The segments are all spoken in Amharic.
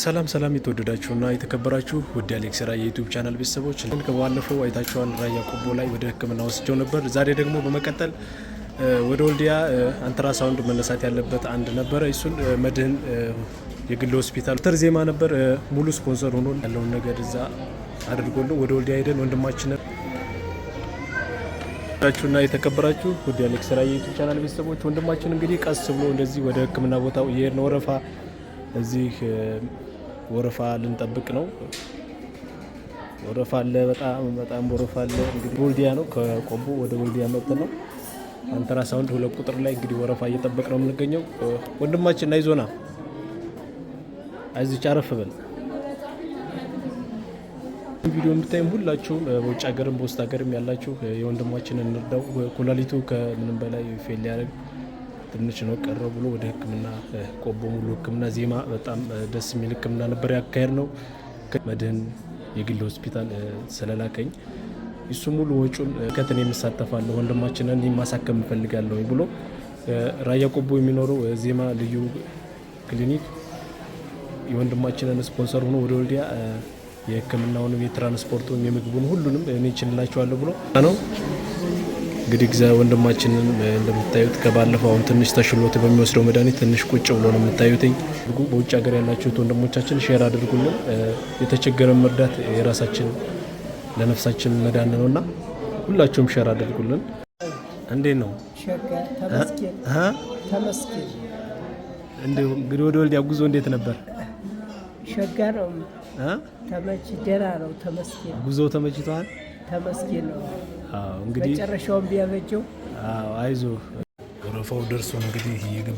ሰላም ሰላም የተወደዳችሁና የተከበራችሁ ውድ አሌክስ ራ የዩቲዩብ ቻናል ቤተሰቦች ከባለፈው አይታችኋል። ራያ ቆቦ ላይ ወደ ሕክምና ወስጀው ነበር። ዛሬ ደግሞ በመቀጠል ወደ ወልዲያ አንትራሳውንድ መነሳት ያለበት አንድ ነበረ። እሱን መድህን የግል ሆስፒታል ዶክተር ዜማ ነበር ሙሉ ስፖንሰር ሆኖ ያለውን ነገር እዛ አድርጎልን ወደ ወልዲያ ሄደን ወንድማችን ችሁና የተከበራችሁ ውድ አሌክስ ራ የዩቲዩብ ቻናል ቤተሰቦች ወንድማችን እንግዲህ ቀስ ብሎ እንደዚህ ወደ ሕክምና ቦታው እየሄድን ወረፋ እዚህ ወረፋ ልንጠብቅ ነው። ወረፋ አለ፣ በጣም በጣም ወረፋ አለ። እንግዲህ ቦልዲያ ነው፣ ከቆቦ ወደ ቦልዲያ መብት ነው። አንተራ ሳውንድ ሁለት ቁጥር ላይ እንግዲህ ወረፋ እየጠበቅ ነው የምንገኘው። ወንድማችን አይዞና፣ አይዞች አረፍ በል። ቪዲዮ የምታይም ሁላችሁም በውጭ ሀገርም በውስጥ ሀገርም ያላችሁ የወንድማችንን እንርዳው። ኩላሊቱ ከምንም በላይ ፌል ሊያደርግ ትንሽ ነው ቀረው ብሎ ወደ ህክምና ቆቦ ሙሉ ህክምና ዜማ በጣም ደስ የሚል ህክምና ነበር ያካሄድ ነው። መድህን የግል ሆስፒታል ስለላከኝ እሱ ሙሉ ወጪውን ከትን የምሳተፋለሁ ወንድማችንን ማሳከም እፈልጋለሁ ብሎ ራያ ቆቦ የሚኖረው ዜማ ልዩ ክሊኒክ የወንድማችንን ስፖንሰር ሆኖ ወደ ወልዲያ የህክምናውንም የትራንስፖርቱን የምግቡን ሁሉንም እኔ ችንላቸዋለሁ ብሎ ነው። እንግዲህ ወንድማችንን እንደምታዩት ከባለፈው አሁን ትንሽ ተሽሎት በሚወስደው መድኃኒት ትንሽ ቁጭ ብሎ ነው የምታዩትኝ። በውጭ ሀገር ያላችሁት ወንድሞቻችን ሼር አድርጉልን። የተቸገረን መርዳት የራሳችን ለነፍሳችን መዳን ነው እና ሁላችሁም ሼር አድርጉልን። እንዴት ነው እንግዲህ ወደ ወልዲያ ጉዞ እንዴት ነበር? ሸጋ ነው። ተመች ደራ ነው። ተመስገን ጉዞ ተመችቷል። ተመስገን ነው። እንግዲህ መጨረሻውን ቢያበጀው። አይዞ ወረፋው እንግዲህ ነው።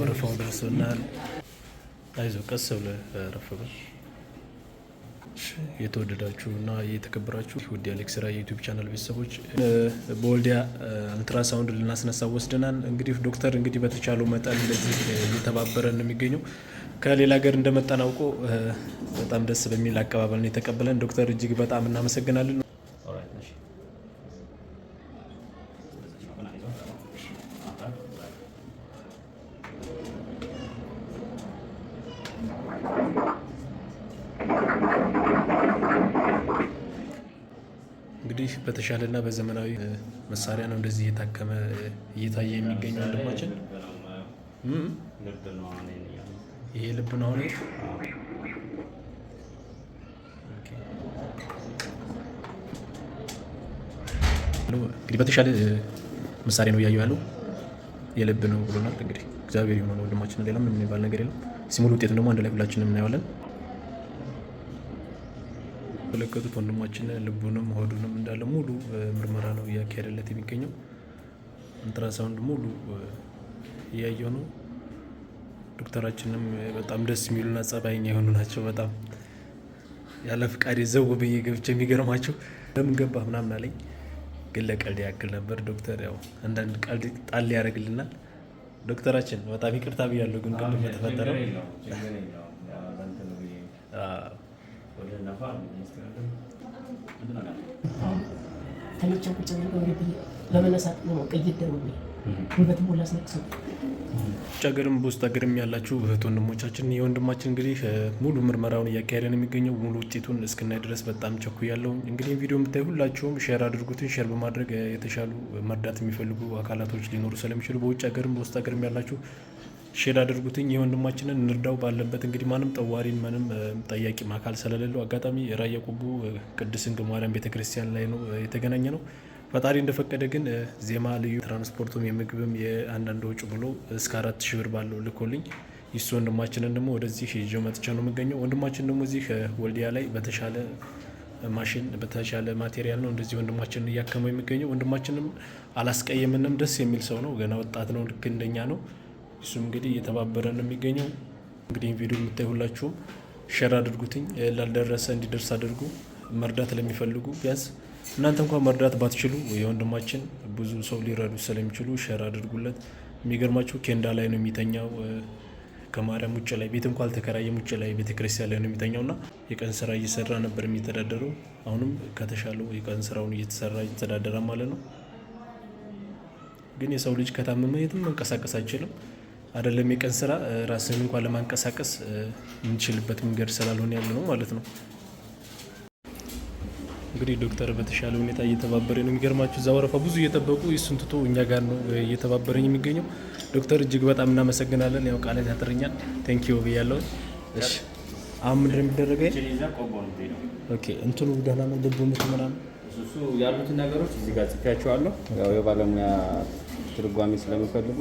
ወረፋው አይዞ ቀስ ረፈበል የተወደዳችሁ እና የተከበራችሁ ውድ አሌክስ ራ የዩቲዩብ ቻናል ቤተሰቦች በወልዲያ አልትራሳውንድ ልናስነሳ ወስደናል። እንግዲህ ዶክተር እንግዲህ በተቻለው መጠን እንደዚህ እየተባበረን ነው የሚገኘው። ከሌላ ሀገር እንደመጣን አውቆ በጣም ደስ በሚል አቀባበል ነው የተቀበለን። ዶክተር እጅግ በጣም እናመሰግናለን። እንግዲህ በተሻለና በዘመናዊ መሳሪያ ነው እንደዚህ እየታከመ እየታየ የሚገኝ ወንድማችን። ይሄ ልብ ነው አሁን እንግዲህ በተሻለ መሳሪያ ነው እያየው ያለው የልብ ነው ብሎናል። እንግዲህ እግዚአብሔር የሆነ ወንድማችን፣ ሌላ ምን የሚባል ነገር የለም። ሲሙል ውጤቱን ደግሞ አንድ ላይ ሁላችን እናየዋለን። እንደምትመለከቱት ወንድማችን ልቡንም ሆዱንም እንዳለ ሙሉ ምርመራ ነው እያካሄደለት የሚገኘው። እንትራሳውንድ ሙሉ እያየው ነው። ዶክተራችንም በጣም ደስ የሚሉና ጸባይኛ የሆኑ ናቸው። በጣም ያለ ፍቃድ ዘው ብዬ ገብቼ የሚገርማቸው ለምን ገባህ ምናምን አለኝ፣ ግን ለቀልድ ያክል ነበር። ዶክተር ያው አንዳንድ ቀልድ ጣል ያደርግልናል። ዶክተራችን በጣም ይቅርታ ብያለሁ፣ ግን ቅድም የተፈጠረው ወደ ነፋ ሚኒስትርም ቁጭ ብዬ እንግዲህ በመነሳት ነው ቅይት ደርቤ ውበት ሞላ ስነቅሰው ውጭ ሀገርም በውስጥ ሀገርም ያላችሁ እህት ወንድሞቻችን የወንድማችን እንግዲህ ሙሉ ምርመራውን እያካሄደ ነው የሚገኘው። ሙሉ ውጤቱን እስክናይ ድረስ በጣም ቸኩ ያለው እንግዲህ ቪዲዮ የምታይ ሁላችሁም ሼር አድርጉትን። ሼር በማድረግ የተሻሉ መርዳት የሚፈልጉ አካላቶች ሊኖሩ ስለሚችሉ በውጭ ሀገርም በውስጥ ሀገርም ያላችሁ ሼር አድርጉትኝ። የወንድማችንን እንርዳው ባለበት እንግዲህ ማንም ጠዋሪን ምንም ጠያቂ አካል ስለሌለው አጋጣሚ ራያ ቆቦ ቅድስት ድንግል ማርያም ቤተክርስቲያን ላይ ነው የተገናኘ ነው። ፈጣሪ እንደፈቀደ ግን ዜማ ልዩ ትራንስፖርቱም የምግብም የአንዳንድ ወጪ ብሎ እስከ አራት ሺህ ብር ባለው ልኮልኝ ይሱ ወንድማችንን ደግሞ ወደዚህ ይዤው መጥቼ ነው የምገኘው። ወንድማችን ደግሞ እዚህ ወልዲያ ላይ በተሻለ ማሽን በተሻለ ማቴሪያል ነው እንደዚህ ወንድማችንን እያከመው የሚገኘው። ወንድማችንም አላስቀየምንም፣ ደስ የሚል ሰው ነው። ገና ወጣት ነው፣ ልክ እንደኛ ነው። እሱም እንግዲህ እየተባበረ ነው የሚገኘው። እንግዲህ ቪዲዮ የምታይ ሁላችሁም ሸር አድርጉትኝ ላልደረሰ እንዲደርስ አድርጉ። መርዳት ለሚፈልጉ ቢያንስ እናንተ እንኳን መርዳት ባትችሉ የወንድማችን ብዙ ሰው ሊረዱ ስለሚችሉ ሸር አድርጉለት። የሚገርማችሁ ኬንዳ ላይ ነው የሚተኛው ከማርያም ውጭ ላይ ቤት እንኳ አልተከራየም። ውጭ ላይ ቤተክርስቲያን ላይ ነው የሚተኛው እና የቀን ስራ እየሰራ ነበር የሚተዳደረው። አሁንም ከተሻለው የቀን ስራውን እየተሰራ እየተዳደረ ማለት ነው። ግን የሰው ልጅ ከታመመ የትም መንቀሳቀስ አይችልም። አይደለም የቀን ስራ ራስን እንኳን ለማንቀሳቀስ የምንችልበት መንገድ ስላልሆነ ያለ ነው ማለት ነው። እንግዲህ ዶክተር በተሻለ ሁኔታ እየተባበረ ነው። የሚገርማችሁ እዛ ወረፋ ብዙ እየጠበቁ እሱን ትቶ እኛ ጋር ነው እየተባበረኝ የሚገኘው። ዶክተር እጅግ በጣም እናመሰግናለን። ያው ቃላት ያጥርኛል። ቴንክ ዩ ብያለውን። እሺ አሁን ምንድን የሚደረገ እንትኑ ደህና ነው ልቡ ምትመራ ነው ያሉትን ነገሮች እዚህ ጋር ጽፌያቸዋለሁ ያው የባለሙያ ትርጓሚ ስለምፈልጉ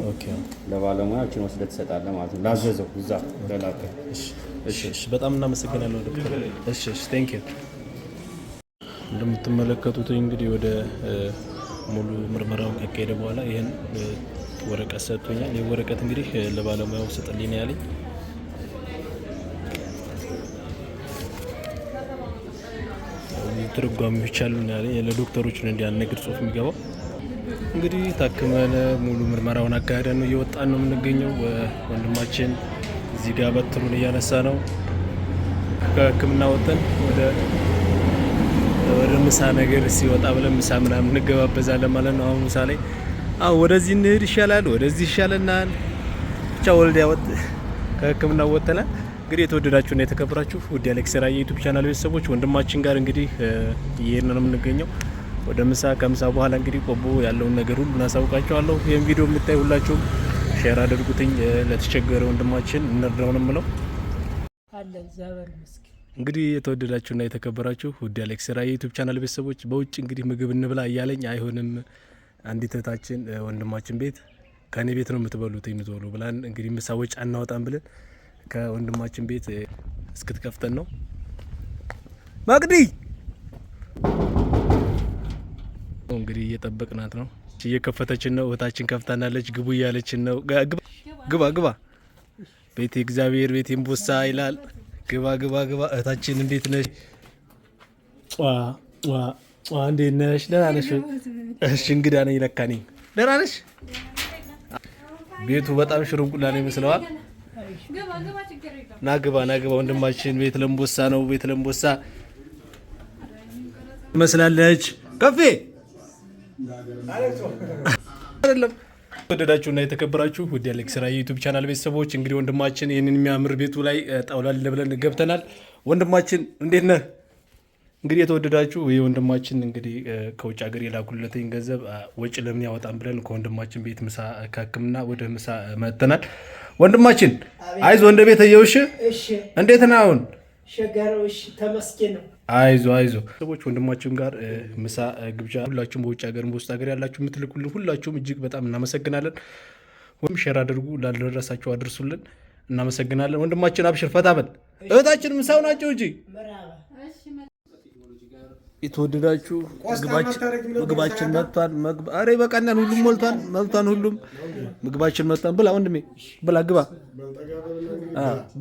ለባለሙያችን ወስደ ትሰጣለ ማለት ነው። ላዘዘው እዛ ለላከ። በጣም እንደምትመለከቱት እንግዲህ ወደ ሙሉ ምርመራው ካካሄደ በኋላ ይህን ወረቀት ሰጥቶኛል። ይህ ወረቀት እንግዲህ ለባለሙያው ስጥልኝ ያለኝ ትርጓሜዎች አሉ ያለ ለዶክተሮች ነው እንዲያነግር ጽሁፍ የሚገባው እንግዲህ ታክመን ሙሉ ምርመራውን አካሄደን ነው እየወጣን ነው የምንገኘው። ወንድማችን እዚህ ጋር በትሩን እያነሳ ነው። ከህክምና ወጥተን ወደ ምሳ ነገር ሲወጣ ብለን ምሳ ምናምን እንገባበዛለን ማለት ነው። አሁን ምሳ ላይ አሁን ወደዚህ እንሄድ ይሻላል፣ ወደዚህ ይሻለናል። ብቻ ወልዲያ ወጥ ከህክምና ወጥተናል። እንግዲህ የተወደዳችሁና የተከበራችሁ ውድ አሌክስ ራየ ዩቱብ ቻናል ቤተሰቦች ወንድማችን ጋር እንግዲህ እየሄድን ነው የምንገኘው። ወደ ምሳ ከምሳ በኋላ እንግዲህ ቆቦ ያለውን ነገር ሁሉ እናሳውቃቸዋለሁ። ይህም ቪዲዮ የምታይ ሁላችሁም ሼር አድርጉትኝ፣ ለተቸገረ ወንድማችን እንርዳው ነው የምለው። እንግዲህ የተወደዳችሁና የተከበራችሁ ውድ አሌክስ ራ የዩቱብ ቻናል ቤተሰቦች በውጭ እንግዲህ ምግብ እንብላ እያለኝ አይሆንም፣ አንዲት እህታችን ወንድማችን ቤት ከእኔ ቤት ነው የምትበሉት የምትበሉ ብላን እንግዲህ ምሳ ወጪ አናወጣም ብለን ከወንድማችን ቤት እስክትከፍተን ነው መቅዲ እንግዲህ እየጠበቅናት ነው። እየከፈተችን ነው። እህታችን ከፍታናለች። ግቡ እያለችን ነው። ግባ ግባ ቤቴ እግዚአብሔር ቤቴ እምቦሳ ይላል። ግባ ግባ ግባ። እህታችን እንዴት ነሽ? እንዴት ነሽ? ደህና ነሽ? እሺ እንግዳ ነኝ ለካ እኔ። ደህና ነሽ? ቤቱ በጣም ሽሩንቁላ ነው ይመስለዋል። ና ግባ ና ግባ። ወንድማችን ቤት ለምቦሳ ነው። ቤት ለምቦሳ ትመስላለች። ከፌ አይደለም ወደዳችሁ እና የተከበራችሁ ውድ አሌክስ ራይ ዩቱብ ቻናል ቤተሰቦች እንግዲህ ወንድማችን ይህንን የሚያምር ቤቱ ላይ ጣውላል ብለን ገብተናል። ወንድማችን እንዴት ነህ? እንግዲህ የተወደዳችሁ ይህ ወንድማችን እንግዲህ ከውጭ ሀገር የላኩለትኝ ገንዘብ ወጪ ለምን ያወጣም ብለን ከወንድማችን ቤት ምሳ ከህክምና ወደ ምሳ መጥተናል። ወንድማችን አይዞህ፣ እንደ ቤት እየውሽ እንዴት ነህ አሁን? ሸጋሮሽ ተመስገን ነው አይዞ አይዞ ሰዎች ወንድማችን ጋር ምሳ ግብዣ ሁላችሁም በውጭ ሀገር በውስጥ ሀገር ያላችሁ የምትልኩልን ሁላችሁም እጅግ በጣም እናመሰግናለን። ወይም ሼር አድርጉ፣ ላልደረሳቸው አድርሱልን። እናመሰግናለን። ወንድማችን አብሽር ፈታበል እህታችን ምሳው ናቸው እንጂ የተወደዳችሁ ምግባችን መጥቷል። አረ በቃናን ሁሉም ሞልቷል፣ መብቷን ሁሉም ምግባችን መጥቷል። ብላ ወንድሜ ብላ፣ ግባ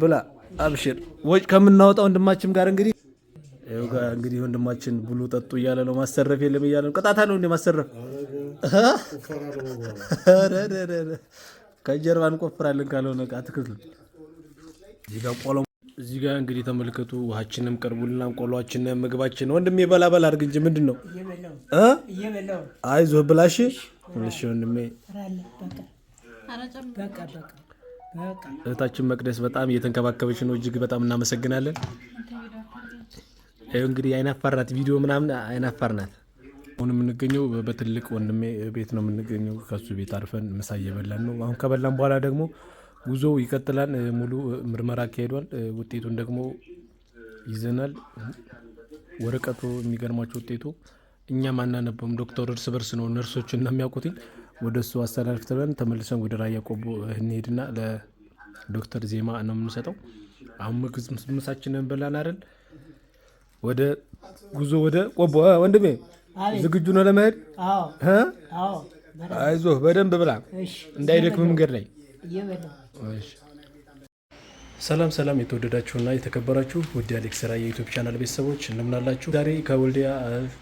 ብላ፣ አብሽር ወጭ ከምናወጣ ወንድማችን ጋር እንግዲህ እንግዲህ ወንድማችን ብሉ ጠጡ እያለ ነው። ማሰረፍ የለም እያለ ነው። ቅጣታ ነው እንደ ማሰረፍ ከጀርባ እንቆፍራለን ካልሆነ አትክልት እዚህ ጋር እንግዲህ ተመልከቱ። ውሃችንም ቀርቡልናል፣ ቆሏችንም ምግባችን። ወንድሜ በላ አድርግ እንጂ ምንድን ነው? አይዞህ ብላሽ። እሺ ወንድሜ። እህታችን መቅደስ በጣም እየተንከባከበች ነው። እጅግ በጣም እናመሰግናለን። እንግዲህ አይናፋር ናት፣ ቪዲዮ ምናምን አይናፋር ናት። አሁን የምንገኘው በትልቅ ወንድሜ ቤት ነው የምንገኘው። ከሱ ቤት አርፈን ምሳ እየበላን ነው። አሁን ከበላን በኋላ ደግሞ ጉዞ ይቀጥላል። ሙሉ ምርመራ አካሄዷል። ውጤቱን ደግሞ ይዘናል። ወረቀቱ የሚገርማቸው ውጤቱ እኛም አናነበውም። ዶክተር እርስ በርስ ነው ነርሶች እንደሚያውቁትኝ ወደ እሱ አስተላልፍ ትበን ተመልሰን ወደ ራያ ቆቦ እንሄድና ለዶክተር ዜማ ነው የምንሰጠው። አሁን ምግብ ምሳችንን በላን አይደል ወደ ጉዞ ወደ ቆቦ ወንድሜ ዝግጁ ነው ለመሄድ? አይዞህ በደንብ ብላ እንዳይደክም መንገድ ላይ። ሰላም ሰላም፣ የተወደዳችሁና የተከበራችሁ ውድ አሌክስ ራ የዩቱብ ቻናል ቤተሰቦች እንምናላችሁ። ዛሬ ከወልዲያ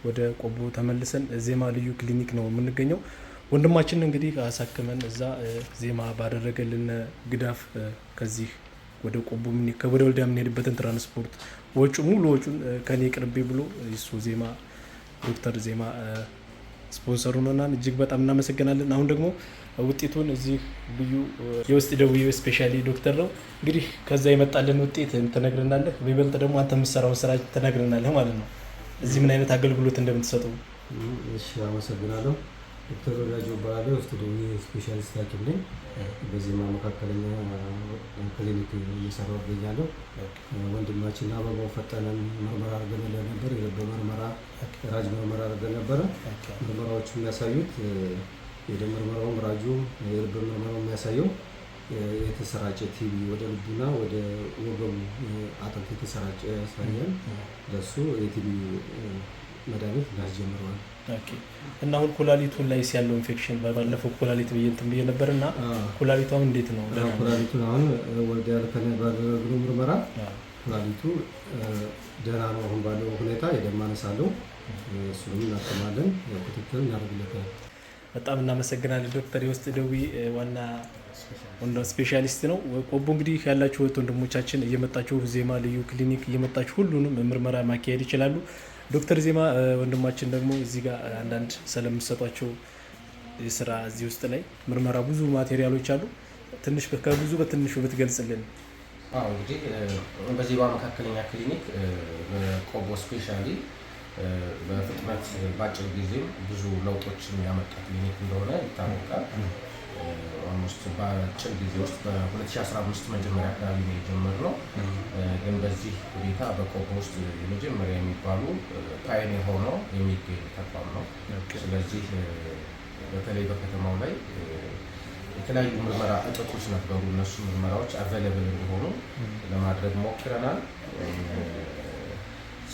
ወደ ቆቦ ተመልሰን ዜማ ልዩ ክሊኒክ ነው የምንገኘው። ወንድማችን እንግዲህ አሳክመን እዛ ዜማ ባደረገልን ግዳፍ ከዚህ ወደ ቆቦ ወደ ወልዲያ የምንሄድበትን ትራንስፖርት ወጪ ሙሉ ወጪውን ከኔ ቅርቤ ብሎ እሱ ዜማ ዶክተር ዜማ ስፖንሰር ነውና እጅግ በጣም እናመሰግናለን። አሁን ደግሞ ውጤቱን እዚህ ልዩ የውስጥ ደዌ ስፔሻሊ ዶክተር ነው እንግዲህ ከዛ የመጣልን ውጤት ትነግረናለህ። በይበልጥ ደግሞ አንተ የምሰራውን ስራ ትነግረናለህ ማለት ነው። እዚህ ምን አይነት አገልግሎት እንደምትሰጠው። እሺ፣ አመሰግናለሁ። ዶክተር ወዳጆ እባላለሁ ስቱዲዮ ስፔሻሊስት ሐኪም ነኝ። በዜማ መካከለኛ ክሊኒክ እየሰራሁ እገኛለሁ። ወንድማችን አበባው ፈጠነን ምርመራ አድርገን ነበር፣ የልብ ምርመራ ራጅ ምርመራ አድርገን ነበረ። ምርመራዎቹ የሚያሳዩት የደም ምርመራውም ራጁ የልብ ምርመራው የሚያሳየው የተሰራጨ ቲቪ ወደ ልቡና ወደ ወገቡ አጥንት የተሰራጨ ያሳያል። ለሱ የቲቪ መድኃኒት እናስጀምረዋል። እና አሁን ኩላሊቱ ላይ ያለው ኢንፌክሽን ባለፈው ኩላሊት ብዬ እንትን ብዬ ነበር እና ኩላሊቱ አሁን እንዴት ነው? ኩላሊቱን አሁን ወደ ያልከን ባደረግነው ምርመራ ኩላሊቱ ደህና ነው። አሁን ባለው ሁኔታ የደም ማነስ አለው። እሱንም እናተማለን፣ ክትትል እናደርግለታል። በጣም እናመሰግናለን ዶክተር የውስጥ ደዌ ዋና ወንደ ስፔሻሊስት ነው። ቆቦ እንግዲህ ያላችሁ ወንድሞቻችን እየመጣችሁ ዜማ ልዩ ክሊኒክ እየመጣችሁ ሁሉንም ምርመራ ማካሄድ ይችላሉ። ዶክተር ዜማ ወንድማችን ደግሞ እዚህ ጋር አንዳንድ ስለምሰጧቸው የስራ እዚህ ውስጥ ላይ ምርመራ ብዙ ማቴሪያሎች አሉ። ትንሽ ከብዙ በትንሹ ብትገልጽልን። እንግዲህ በዜማ መካከለኛ ክሊኒክ ቆቦ ስፔሻሊ በፍጥነት በአጭር ጊዜ ብዙ ለውጦችን ያመጣ ክሊኒክ እንደሆነ ይታወቃል። ኦልሞስት በአጭር ጊዜ ውስጥ በ2015 መጀመሪያ አካባቢ ነው የጀመርነው። ግን በዚህ ሁኔታ በቆቦ ውስጥ የመጀመሪያ የሚባሉ ፓዮኒር ሆኖ የሚገኝ ተቋም ነው። ስለዚህ በተለይ በከተማው ላይ የተለያዩ ምርመራ እጥቶች ነበሩ። እነሱ ምርመራዎች አቬለብል እንዲሆኑ ለማድረግ ሞክረናል።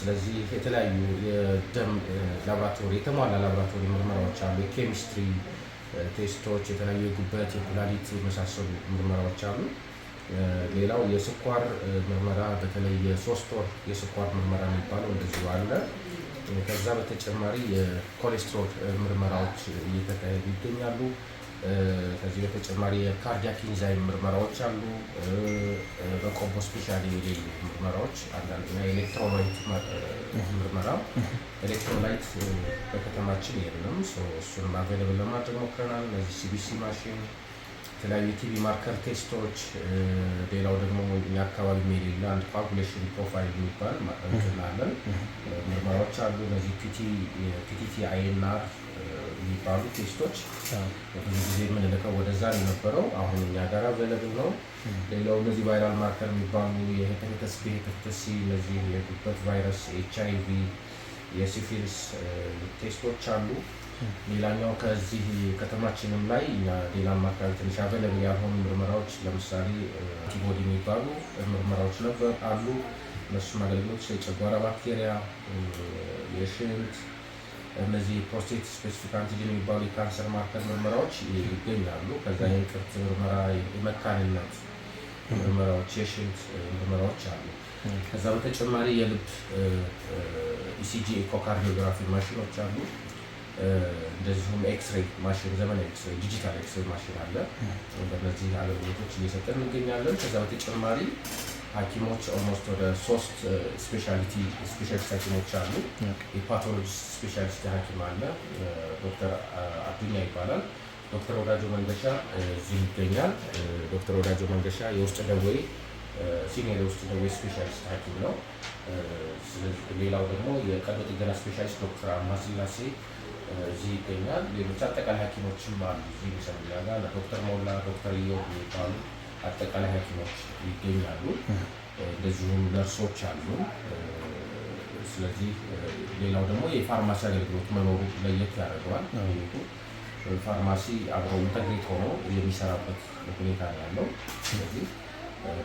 ስለዚህ የተለያዩ የደም ላቦራቶሪ የተሟላ ላብራቶሪ ምርመራዎች አሉ። የኬሚስትሪ ቴስቶች፣ የተለያዩ የጉበት የኩላሊት የመሳሰሉ ምርመራዎች አሉ። ሌላው የስኳር ምርመራ በተለይ የሶስት ወር የስኳር ምርመራ የሚባለው እንደዚሁ አለ። ከዛ በተጨማሪ የኮሌስትሮል ምርመራዎች እየተካሄዱ ይገኛሉ። ከዚህ በተጨማሪ የካርዲያክ ኢንዛይም ምርመራዎች አሉ። በቆቦ ስፔሻሊ የሌሉ ምርመራዎች አንዳንድና የኤሌክትሮላይት ምርመራ ኤሌክትሮላይት በከተማችን የለም። እሱንም አቬለብል ለማድረግ ሞክረናል። እነዚህ ሲቢሲ ማሽን፣ የተለያዩ የቲቪ ማርከር ቴስቶች፣ ሌላው ደግሞ እኛ አካባቢ የሌለ አንድ ኳኩሌሽን ፕሮፋይል የሚባል ማጠንትናለን ምርመራዎች አሉ። እነዚህ ፒቲ ፒቲቲ አይኤንአር የሚባሉ ቴስቶች ብዙ ጊዜ የምንልከው ወደዛ የነበረው። አሁን እኛ ጋር አቬለብል ነው። ሌላው እነዚህ ቫይራል ማርከር የሚባሉ የሄፐታይተስ ቢ፣ ሄፐታይተስ ሲ፣ እነዚህ የጉበት ቫይረስ፣ ኤች አይ ቪ፣ የሲፊልስ ቴስቶች አሉ። ሌላኛው ከዚህ ከተማችንም ላይ ሌላ ማካል ትንሽ አቬለብል ያልሆኑ ምርመራዎች ለምሳሌ አንቲቦዲ የሚባሉ ምርመራዎች ነበር አሉ። እነሱም አገልግሎት የጨጓራ ባክቴሪያ፣ የሽንት እነዚህ ፕሮስቴት ስፔሲፊክ አንቲጂን የሚባሉ የካንሰር ማርከር ምርመራዎች ይገኛሉ። ከዛ የእንቅርት ምርመራ፣ የመካንነት ምርመራዎች፣ የሽንት ምርመራዎች አሉ። ከዛ በተጨማሪ የልብ ኢሲጂ ኢኮካርዲዮግራፊ ማሽኖች አሉ። እንደዚሁም ኤክስሬይ ማሽን ዘመን ኤክስሬይ ዲጂታል ኤክስሬይ ማሽን አለ። በነዚህ አገልግሎቶች እየሰጠን እንገኛለን። ከዛ በተጨማሪ ሐኪሞች ኦልሞስት ወደ ሶስት ስፔሻሊቲ ስፔሻሊስት ሐኪሞች አሉ። የፓቶሎጂስት ስፔሻሊስት ሐኪም አለ፣ ዶክተር አዱኛ ይባላል። ዶክተር ወዳጆ መንገሻ እዚህ ይገኛል። ዶክተር ወዳጆ መንገሻ የውስጥ ደዌ ሲኒየር የውስጥ ደዌ ስፔሻሊስት ሐኪም ነው። ሌላው ደግሞ የቀዶ ጥገና ስፔሻሊስት ዶክተር አማስላሴ እዚህ ይገኛል። ሌሎች አጠቃላይ ሐኪሞችም አሉ እዚህ ሚሰሚያ ጋር ዶክተር ሞላ ዶክተር ዮ ይባሉ አጠቃላይ ሐኪሞች ይገኛሉ። እንደዚሁም ነርሶች አሉ። ስለዚህ ሌላው ደግሞ የፋርማሲ አገልግሎት መኖሩ ለየት ያደርገዋል። ፋርማሲ አብሮ ኢንተግሬት ሆኖ የሚሰራበት ሁኔታ ያለው። ስለዚህ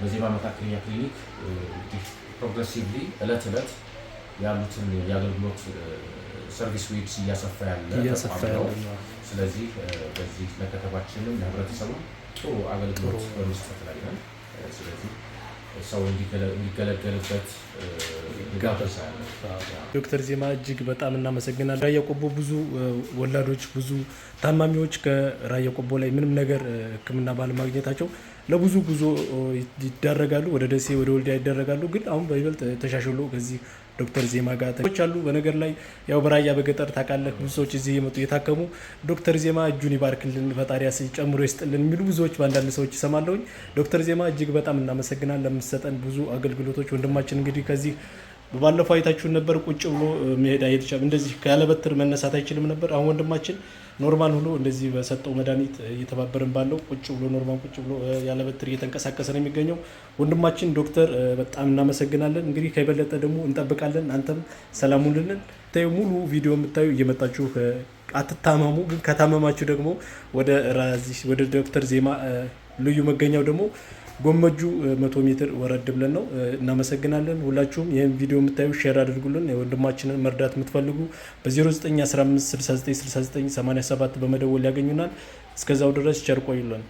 በዜማ መካከለኛ ክሊኒክ ፕሮግሬሲቭሊ እለት እለት ያሉትን የአገልግሎት ሰርቪስ ዊድስ እያሰፋ ያለ ነው። ስለዚህ በዚህ ለከተማችንም ለህብረተሰቡ ጥሩ አገልግሎት በመስጠት ላይ ነን። ስለዚህ ሰው እንዲገለገልበት ጋብዛለን። ዶክተር ዜማ እጅግ በጣም እናመሰግናለን። ራያ ቆቦ ብዙ ወላዶች፣ ብዙ ታማሚዎች ከራያ ቆቦ ላይ ምንም ነገር ሕክምና ባለማግኘታቸው ለብዙ ጉዞ ይዳረጋሉ። ወደ ደሴ፣ ወደ ወልዲያ ይዳረጋሉ። ግን አሁን በይበልጥ ተሻሽሎ ከዚህ ዶክተር ዜማ ጋር አሉ። በነገር ላይ ያው በራያ በገጠር ታውቃለህ፣ ብዙ ሰዎች እዚህ የመጡ እየታከሙ ዶክተር ዜማ እጁን ይባርክልን ፈጣሪ ጨምሮ ይስጥልን የሚሉ ብዙዎች በአንዳንድ ሰዎች ይሰማለሁኝ። ዶክተር ዜማ እጅግ በጣም እናመሰግናል ለምሰጠን ብዙ አገልግሎቶች። ወንድማችን እንግዲህ ከዚህ ባለፈው አይታችሁን ነበር፣ ቁጭ ብሎ መሄድ አይልቻም፣ እንደዚህ ያለ መነሳት አይችልም ነበር። አሁን ወንድማችን ኖርማል ሆኖ እንደዚህ በሰጠው መድኃኒት እየተባበርን ባለው ቁጭ ብሎ ኖርማል ቁጭ ብሎ ያለ በትር እየተንቀሳቀሰ ነው የሚገኘው ወንድማችን ዶክተር በጣም እናመሰግናለን። እንግዲህ ከበለጠ ደግሞ እንጠብቃለን። አንተም ሰላሙንልን ተዩ ሙሉ ቪዲዮ የምታዩ እየመጣችሁ አትታመሙ። ግን ከታመማችሁ ደግሞ ወደ ዶክተር ዜማ ልዩ መገኛው ደግሞ ጎመጁ መቶ ሜትር ወረድ ብለን ነው። እናመሰግናለን። ሁላችሁም ይህን ቪዲዮ የምታዩ ሼር አድርጉልን። ወንድማችንን መርዳት የምትፈልጉ በ0915696987 በመደወል ያገኙናል። እስከዛው ድረስ ቸር ቆዩልን።